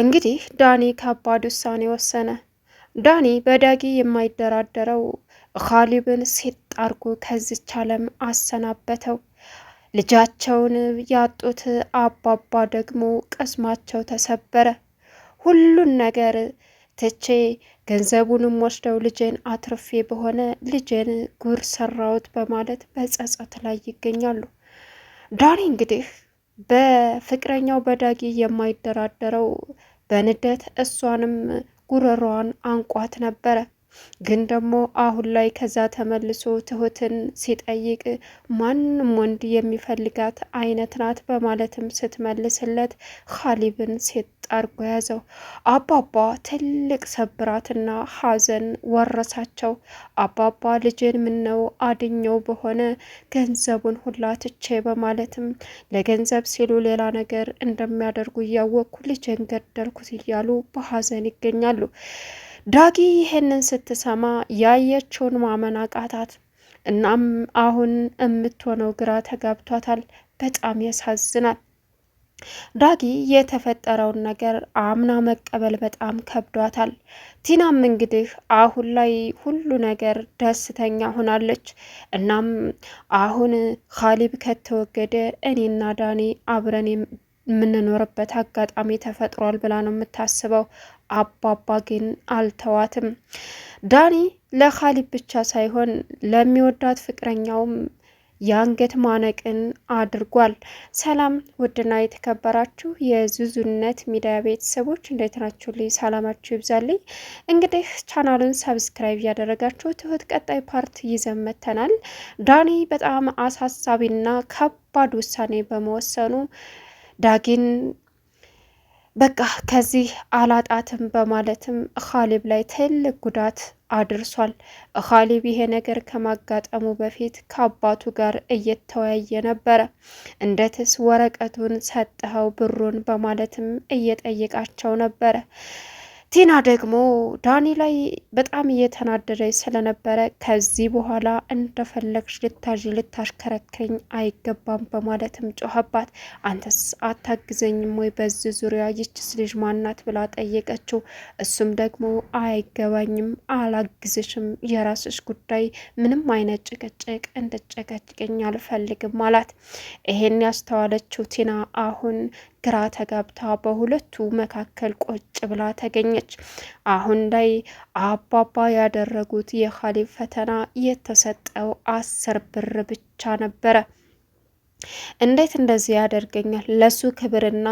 እንግዲህ ዳኒ ከባድ ውሳኔ ወሰነ። ዳኒ በዳጊ የማይደራደረው ኻሊብን ሴት አርጎ ከዚች ዓለም አሰናበተው። ልጃቸውን ያጡት አባባ ደግሞ ቅስማቸው ተሰበረ። ሁሉን ነገር ትቼ ገንዘቡንም ወስደው ልጄን አትርፌ በሆነ ልጄን ጉር ሰራውት በማለት በጸጸት ላይ ይገኛሉ። ዳኒ እንግዲህ በፍቅረኛው በዳጊ የማይደራደረው በንዴት እሷንም ጉረሯን አንቋት ነበረ። ግን ደግሞ አሁን ላይ ከዛ ተመልሶ ትሁትን ሲጠይቅ ማንም ወንድ የሚፈልጋት አይነት ናት በማለትም ስትመልስለት ካሊብን ሴት አርጎ ያዘው። አባባ ትልቅ ሰብራትና ሐዘን ወረሳቸው። አባባ ልጅን ምነው አድኘው በሆነ ገንዘቡን ሁላ ትቼ በማለትም ለገንዘብ ሲሉ ሌላ ነገር እንደሚያደርጉ እያወቅኩ ልጅን ገደልኩት እያሉ በሐዘን ይገኛሉ። ዳጊ ይህንን ስትሰማ ያየችውን ማመን አቃታት። እናም አሁን የምትሆነው ግራ ተጋብቷታል። በጣም ያሳዝናል። ዳጊ የተፈጠረውን ነገር አምና መቀበል በጣም ከብዷታል። ቲናም እንግዲህ አሁን ላይ ሁሉ ነገር ደስተኛ ሆናለች። እናም አሁን ካሊብ ከተወገደ እኔና ዳኒ አብረን የምንኖርበት አጋጣሚ ተፈጥሯል ብላ ነው የምታስበው። አባባ ግን አልተዋትም። ዳኒ ለካሊብ ብቻ ሳይሆን ለሚወዳት ፍቅረኛውም የአንገት ማነቅን አድርጓል። ሰላም ውድና የተከበራችሁ የዙዙነት ሚዲያ ቤተሰቦች እንዴት ናችሁ? ልይ ሰላማችሁ ይብዛልኝ። እንግዲህ ቻናሉን ሰብስክራይብ ያደረጋችሁ ትሁት ቀጣይ ፓርት ይዘን መጥተናል። ዳኒ በጣም አሳሳቢና ከባድ ውሳኔ በመወሰኑ ዳጊን በቃ ከዚህ አላጣትም በማለትም ኻሊብ ላይ ትልቅ ጉዳት አድርሷል። ኻሊብ ይሄ ነገር ከማጋጠሙ በፊት ከአባቱ ጋር እየተወያየ ነበረ። እንዴትስ ወረቀቱን ሰጥኸው ብሩን በማለትም እየጠየቃቸው ነበረ። ቲና ደግሞ ዳኒ ላይ በጣም እየተናደደች ስለነበረ ከዚህ በኋላ እንደፈለግሽ ልታዥ ልታሽከረክርኝ አይገባም በማለትም ጮኸባት። አንተስ አታግዘኝም ወይ በዚህ ዙሪያ ይችስ ልጅ ማናት ብላ ጠየቀችው። እሱም ደግሞ አይገባኝም፣ አላግዝሽም፣ የራስሽ ጉዳይ፣ ምንም አይነት ጭቅጭቅ እንድጨቀጭቅኝ አልፈልግም አላት። ይሄን ያስተዋለችው ቲና አሁን ግራ ተጋብታ በሁለቱ መካከል ቆጭ ብላ ተገኘች። አሁን ላይ አባባ ያደረጉት የካሊብ ፈተና የተሰጠው አስር ብር ብቻ ነበረ። እንዴት እንደዚህ ያደርገኛል? ለሱ ክብርና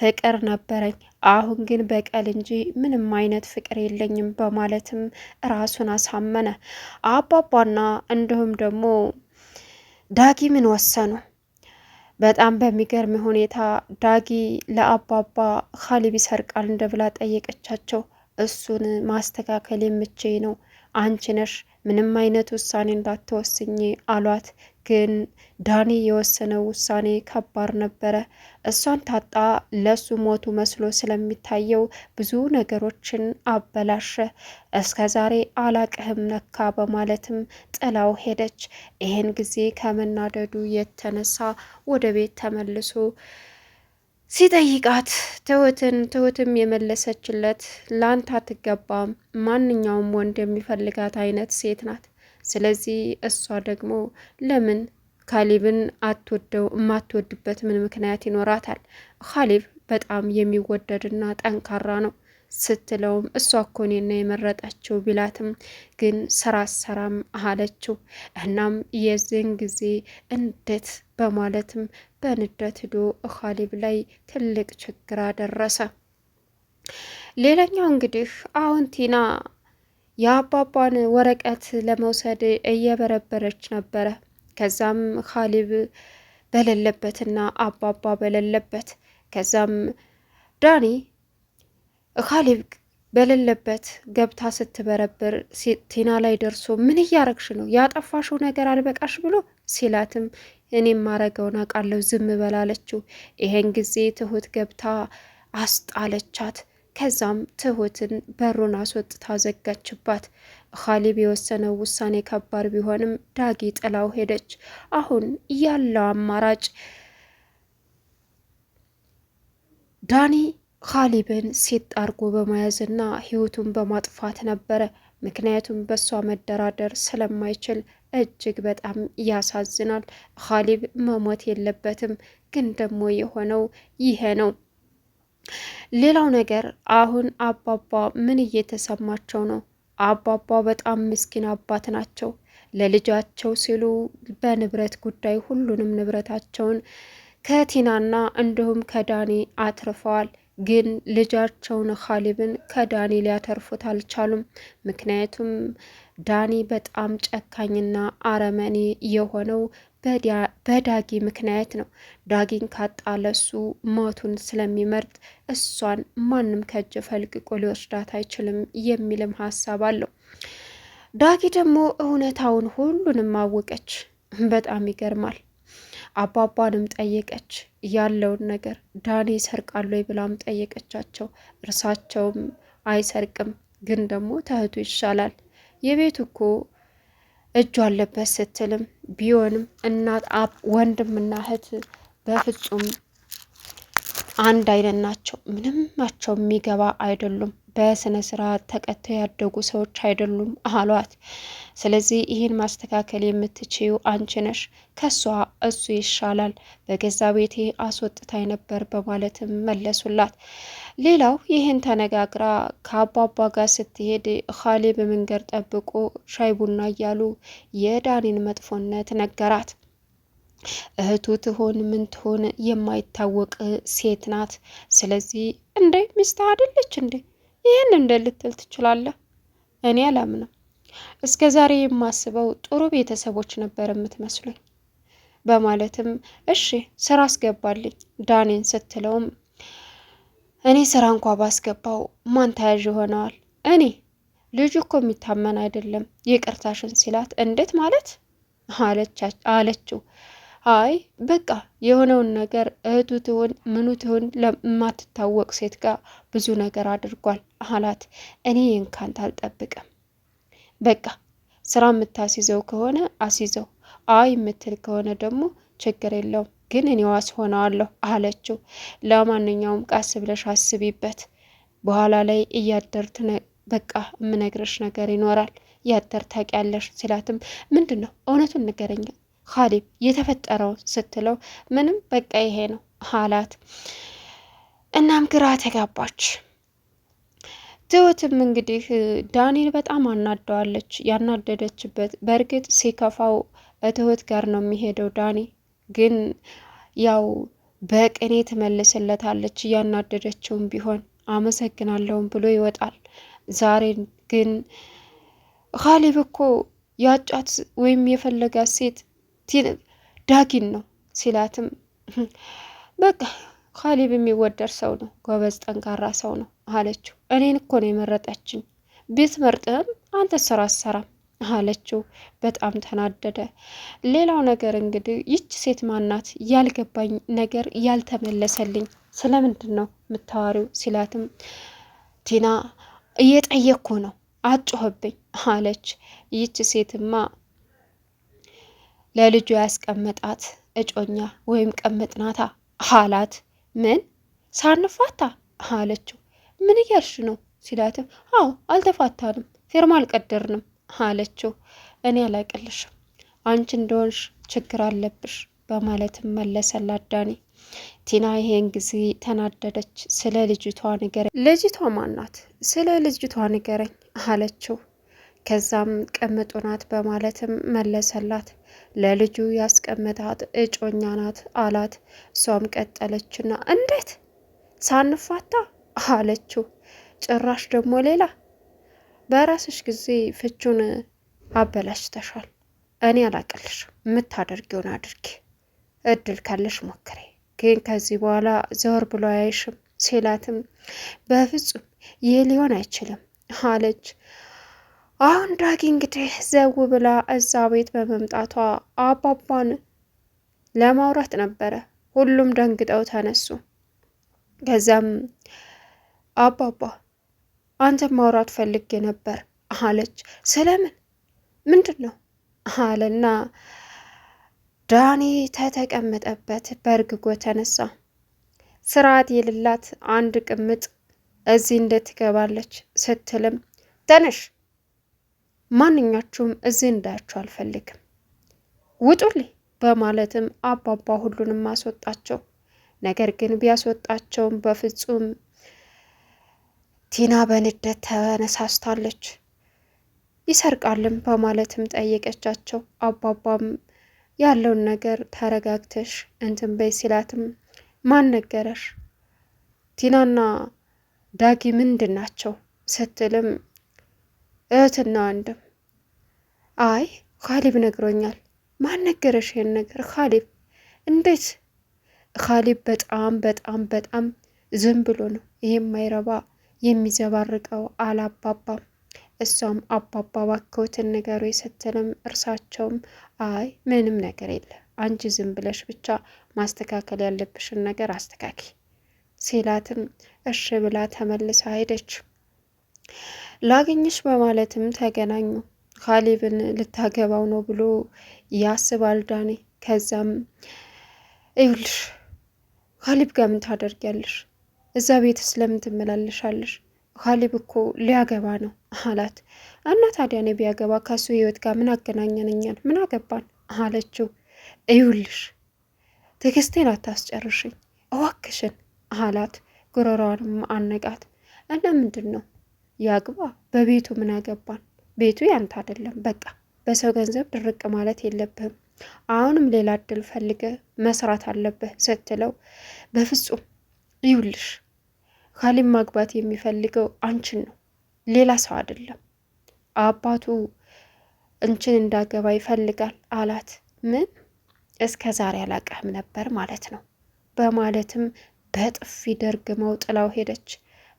ፍቅር ነበረኝ። አሁን ግን በቀል እንጂ ምንም አይነት ፍቅር የለኝም በማለትም ራሱን አሳመነ። አባባና እንዲሁም ደግሞ ዳጊ ምን ወሰኑ? በጣም በሚገርም ሁኔታ ዳጊ ለአባባ ካሊብ ይሰርቃል እንደ ብላ ጠየቀቻቸው። እሱን ማስተካከል የምቼ ነው አንቺ ነሽ ምንም አይነት ውሳኔ እንዳትወስኝ አሏት። ግን ዳኒ የወሰነው ውሳኔ ከባድ ነበረ። እሷን ታጣ ለሱ ሞቱ መስሎ ስለሚታየው ብዙ ነገሮችን አበላሸ። እስከ ዛሬ አላቅህም ነካ በማለትም ጥላው ሄደች። ይህን ጊዜ ከመናደዱ የተነሳ ወደ ቤት ተመልሶ ሲጠይቃት ትሁትን ትሁትም የመለሰችለት ላንተ አትገባም፣ ማንኛውም ወንድ የሚፈልጋት አይነት ሴት ናት ስለዚህ እሷ ደግሞ ለምን ካሊብን አትወደው? የማትወድበት ምን ምክንያት ይኖራታል? ካሊብ በጣም የሚወደድና ጠንካራ ነው ስትለውም እሷ እኮ እኔን የመረጠችው ቢላትም ግን ስራ ሰራም አለችው። እናም የዚህን ጊዜ እንዴት በማለትም በንደት ሂዶ ኻሊብ ላይ ትልቅ ችግር አደረሰ። ሌላኛው እንግዲህ አሁን ቲና የአባቧን ወረቀት ለመውሰድ እየበረበረች ነበረ። ከዛም ካሊብ በሌለበትና አባባ በሌለበት ከዛም ዳኒ ካሊብ በሌለበት ገብታ ስትበረብር ቲና ላይ ደርሶ ምን እያረግሽ ነው? ያጠፋሽው ነገር አልበቃሽ ብሎ ሲላትም እኔ ማረገውን አውቃለሁ ዝም በላለችው። ይሄን ጊዜ ትሁት ገብታ አስጣለቻት። ከዛም ትሁትን በሩን አስወጥታ ዘጋችባት። ኻሊብ የወሰነው ውሳኔ ከባድ ቢሆንም ዳጊ ጥላው ሄደች። አሁን ያለው አማራጭ ዳኒ ኻሊብን ሴት አርጎ በመያዝና ህይወቱን በማጥፋት ነበረ። ምክንያቱም በእሷ መደራደር ስለማይችል እጅግ በጣም ያሳዝናል። ኻሊብ መሞት የለበትም፣ ግን ደግሞ የሆነው ይሄ ነው። ሌላው ነገር አሁን አባባ ምን እየተሰማቸው ነው? አባባ በጣም ምስኪን አባት ናቸው። ለልጃቸው ሲሉ በንብረት ጉዳይ ሁሉንም ንብረታቸውን ከቲናና እንዲሁም ከዳኒ አትርፈዋል። ግን ልጃቸውን ኻሊብን ከዳኒ ሊያተርፉት አልቻሉም። ምክንያቱም ዳኒ በጣም ጨካኝና አረመኔ የሆነው በዳጊ ምክንያት ነው። ዳጊን ካጣለሱ ሞቱን ስለሚመርጥ እሷን ማንም ከእጅ ፈልቅቆ ሊወስዳት አይችልም የሚልም ሀሳብ አለው። ዳጊ ደግሞ እውነታውን ሁሉንም አወቀች። በጣም ይገርማል። አባባንም ጠየቀች ያለውን ነገር። ዳኒ ይሰርቃሉ ብላም ጠየቀቻቸው። እርሳቸውም አይሰርቅም ግን ደግሞ ተህቱ ይሻላል የቤት እኮ እጁ አለበት ስትልም ቢሆንም እናት አብ ወንድምና እህት በፍጹም አንድ አይነት ናቸው። ምንም ናቸው የሚገባ አይደሉም። በስነ ስርዓት ተቀተው ያደጉ ሰዎች አይደሉም አሏት። ስለዚህ ይህን ማስተካከል የምትችዩ አንቺ ነሽ፣ ከሷ እሱ ይሻላል፣ በገዛ ቤቴ አስወጥታኝ ነበር በማለትም መለሱላት። ሌላው ይህን ተነጋግራ ከአባባ ጋር ስትሄድ ኻሌ በመንገድ ጠብቆ ሻይ ቡና እያሉ የዳኒን መጥፎነት ነገራት። እህቱ ትሆን ምን ትሆን የማይታወቅ ሴት ናት። ስለዚህ እንዴ ሚስታ አይደለች እንዴ ይህን እንደ ልትል ትችላለህ? እኔ አላምነው። እስከ ዛሬ የማስበው ጥሩ ቤተሰቦች ነበር የምትመስሉኝ። በማለትም እሺ ስራ አስገባልኝ ዳኔን ስትለውም እኔ ስራ እንኳ ባስገባው ማን ተያዥ ይሆነዋል? እኔ ልጁ እኮ የሚታመን አይደለም ይቅርታሽን ሲላት እንዴት ማለት አለችው። አይ በቃ የሆነውን ነገር እህቱ ትሆን ምኑ ትሆን ለማትታወቅ ሴት ጋር ብዙ ነገር አድርጓል አላት። እኔ ይህን ካንተ አልጠብቅም። በቃ ስራ የምታስይዘው ከሆነ አስይዘው አይ የምትል ከሆነ ደግሞ ችግር የለውም ግን እኔ ዋስ ሆነዋለሁ አለችው። ለማንኛውም ቀስ ብለሽ አስቢበት፣ በኋላ ላይ እያደርት በቃ የምነግርሽ ነገር ይኖራል ያደር ታውቂያለሽ ሲላትም ምንድን ነው እውነቱን ንገረኛ ኻሊብ የተፈጠረው ስትለው ምንም በቃ ይሄ ነው አላት። እናም ግራ ተጋባች። ትሁትም እንግዲህ ዳንኤል በጣም አናደዋለች። ያናደደችበት በእርግጥ ሲከፋው እትሁት ጋር ነው የሚሄደው ዳኒ ግን ያው በቅኔ ትመልስለታለች እያናደደችውም ቢሆን አመሰግናለሁም ብሎ ይወጣል። ዛሬ ግን ካሌብ እኮ ያጫት ወይም የፈለጋት ሴት ዳጊን ነው ሲላትም በቃ ኻሊብ የሚወደድ ሰው ነው፣ ጎበዝ ጠንካራ ሰው ነው አለችው። እኔን እኮ ነው የመረጠችኝ። ብትመርጥህም አንተ ስራ አትሰራም አለችው። በጣም ተናደደ። ሌላው ነገር እንግዲህ ይች ሴት ማናት? ያልገባኝ ነገር ያልተመለሰልኝ ስለምንድን ነው የምታዋሪው? ሲላትም ቲና እየጠየቅኩ ነው አጮህብኝ አለች። ይች ሴትማ ለልጁ ያስቀመጣት እጮኛ ወይም ቀመጥናታ አላት። ምን ሳንፋታ አለችው። ምን እያልሽ ነው ሲላትም፣ አዎ አልተፋታንም፣ ፌርማ አልቀደርንም አለችው። እኔ አላቅልሽም አንቺ እንደሆንሽ ችግር አለብሽ በማለትም መለሰላት ዳኒ። ቲና ይሄን ጊዜ ተናደደች። ስለ ልጅቷ ንገረኝ። ልጅቷ ማናት? ስለ ልጅቷ ንገረኝ አለችው። ከዛም ቅምጡ ናት በማለትም መለሰላት። ለልጁ ያስቀመጣት እጮኛ ናት አላት። እሷም ቀጠለችና እንዴት ሳንፋታ አለችው። ጭራሽ ደግሞ ሌላ በራስሽ ጊዜ ፍቹን አበላሽተሻል። እኔ አላቅልሽ፣ የምታደርጊውን አድርጊ። እድል ካለሽ ሞክሬ፣ ግን ከዚህ በኋላ ዘወር ብሎ አያይሽም ሲላትም በፍጹም ይህ ሊሆን አይችልም አለች። አሁን ዳጊ እንግዲህ ዘው ብላ እዛ ቤት በመምጣቷ አባባን ለማውራት ነበረ። ሁሉም ደንግጠው ተነሱ። ከዚያም አባባ አንተ ማውራት ፈልጌ ነበር አለች። ስለምን ምንድን ነው አለና ዳኒ ተተቀመጠበት በእርግጎ ተነሳ። ስርዓት የሌላት አንድ ቅምጥ እዚህ እንዴት ትገባለች ስትልም ተነሽ፣ ማንኛችሁም እዚህ እንዳያችሁ አልፈልግም፣ ውጡልኝ በማለትም አባባ ሁሉንም አስወጣቸው። ነገር ግን ቢያስወጣቸውም በፍጹም ቲና በንዴት ተነሳስታለች። ይሰርቃልም በማለትም ጠየቀቻቸው። አባባም ያለውን ነገር ተረጋግተሽ እንትን በይ ሲላትም ማን ነገረሽ? ቲናና ዳጊ ምንድን ናቸው ስትልም እህትና ወንድም። አይ ካሊብ ነግሮኛል። ማን ነገረሽ ይህን ነገር ካሊብ? እንዴት? ካሊብ በጣም በጣም በጣም ዝም ብሎ ነው ይህም ማይረባ የሚዘባርቀው አለ እሷም አባባ ባክዎትን ንገሩ ስትልም እርሳቸውም አይ ምንም ነገር የለ አንቺ ዝም ብለሽ ብቻ ማስተካከል ያለብሽን ነገር አስተካኪ ሲላትም እሺ ብላ ተመልሳ ሄደች። ላገኝሽ በማለትም ተገናኙ። ካሊብን ልታገባው ነው ብሎ ያስባል ዳኔ። ከዛም ይኸውልሽ ካሊብ ጋር ምን ታደርጊያለሽ? እዛ ቤት ስለምን ትመላለሻለሽ? ካሌብ እኮ ሊያገባ ነው አላት። እና ታዲያ እኔ ቢያገባ ከሱ ህይወት ጋር ምን አገናኘንኛል? ምን አገባን አለችው። እዩልሽ ትዕግስቴን አታስጨርሽኝ እዋክሽን አላት። ጉሮሮዋንም አነቃት። እና ምንድን ነው ያግባ፣ በቤቱ ምን አገባን? ቤቱ ያንተ አይደለም። በቃ በሰው ገንዘብ ድርቅ ማለት የለብህም። አሁንም ሌላ እድል ፈልገ መስራት አለብህ ስትለው በፍጹም ይውልሽ ካሌብ ማግባት የሚፈልገው አንቺን ነው፣ ሌላ ሰው አይደለም። አባቱ አንቺን እንዳገባ ይፈልጋል አላት። ምን እስከ ዛሬ አላቀህም ነበር ማለት ነው በማለትም በጥፊ ደርግመው ጥላው ሄደች።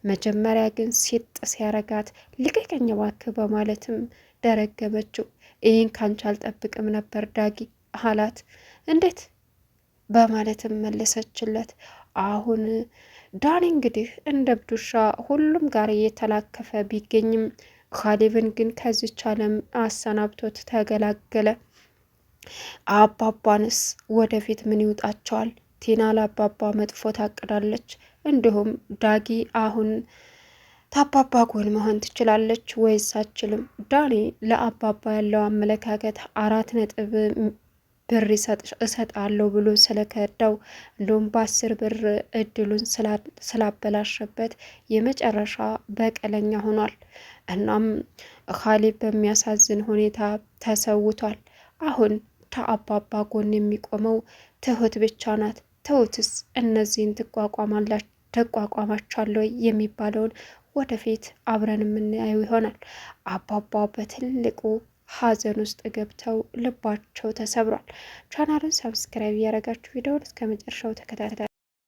መጀመሪያ ግን ሲጥ ሲያረጋት ልቀቀኝ እባክህ በማለትም ደረገመችው። ይህን ካንቺ አልጠብቅም ነበር ዳጊ አላት። እንዴት በማለትም መለሰችለት። አሁን ዳኒ እንግዲህ እንደ ብዱሻ ሁሉም ጋር እየተላከፈ ቢገኝም ካሌብን ግን ከዚች ዓለም አሰናብቶት ተገላገለ። አባባንስ ወደፊት ምን ይውጣቸዋል? ቲና ለአባባ መጥፎ ታቅዳለች። እንዲሁም ዳጊ አሁን ታባባ ጎን መሆን ትችላለች ወይስ አችልም? ዳኒ ለአባባ ያለው አመለካከት አራት ነጥብ ብር እሰጣለሁ ብሎ ስለከዳው እንዲሁም በአስር ብር እድሉን ስላበላሸበት የመጨረሻ በቀለኛ ሆኗል። እናም ካሌብ በሚያሳዝን ሁኔታ ተሰውቷል። አሁን ከአባባ ጎን የሚቆመው ትሁት ብቻ ናት። ትሁትስ እነዚህን ትቋቋማላች የሚባለውን ወደፊት አብረን የምናየው ይሆናል። አባባ በትልቁ ሀዘን ውስጥ ገብተው ልባቸው ተሰብሯል። ቻናሉን ሰብስክራይብ እያደረጋችሁ ቪዲዮውን እስከ መጨረሻው ተከታተል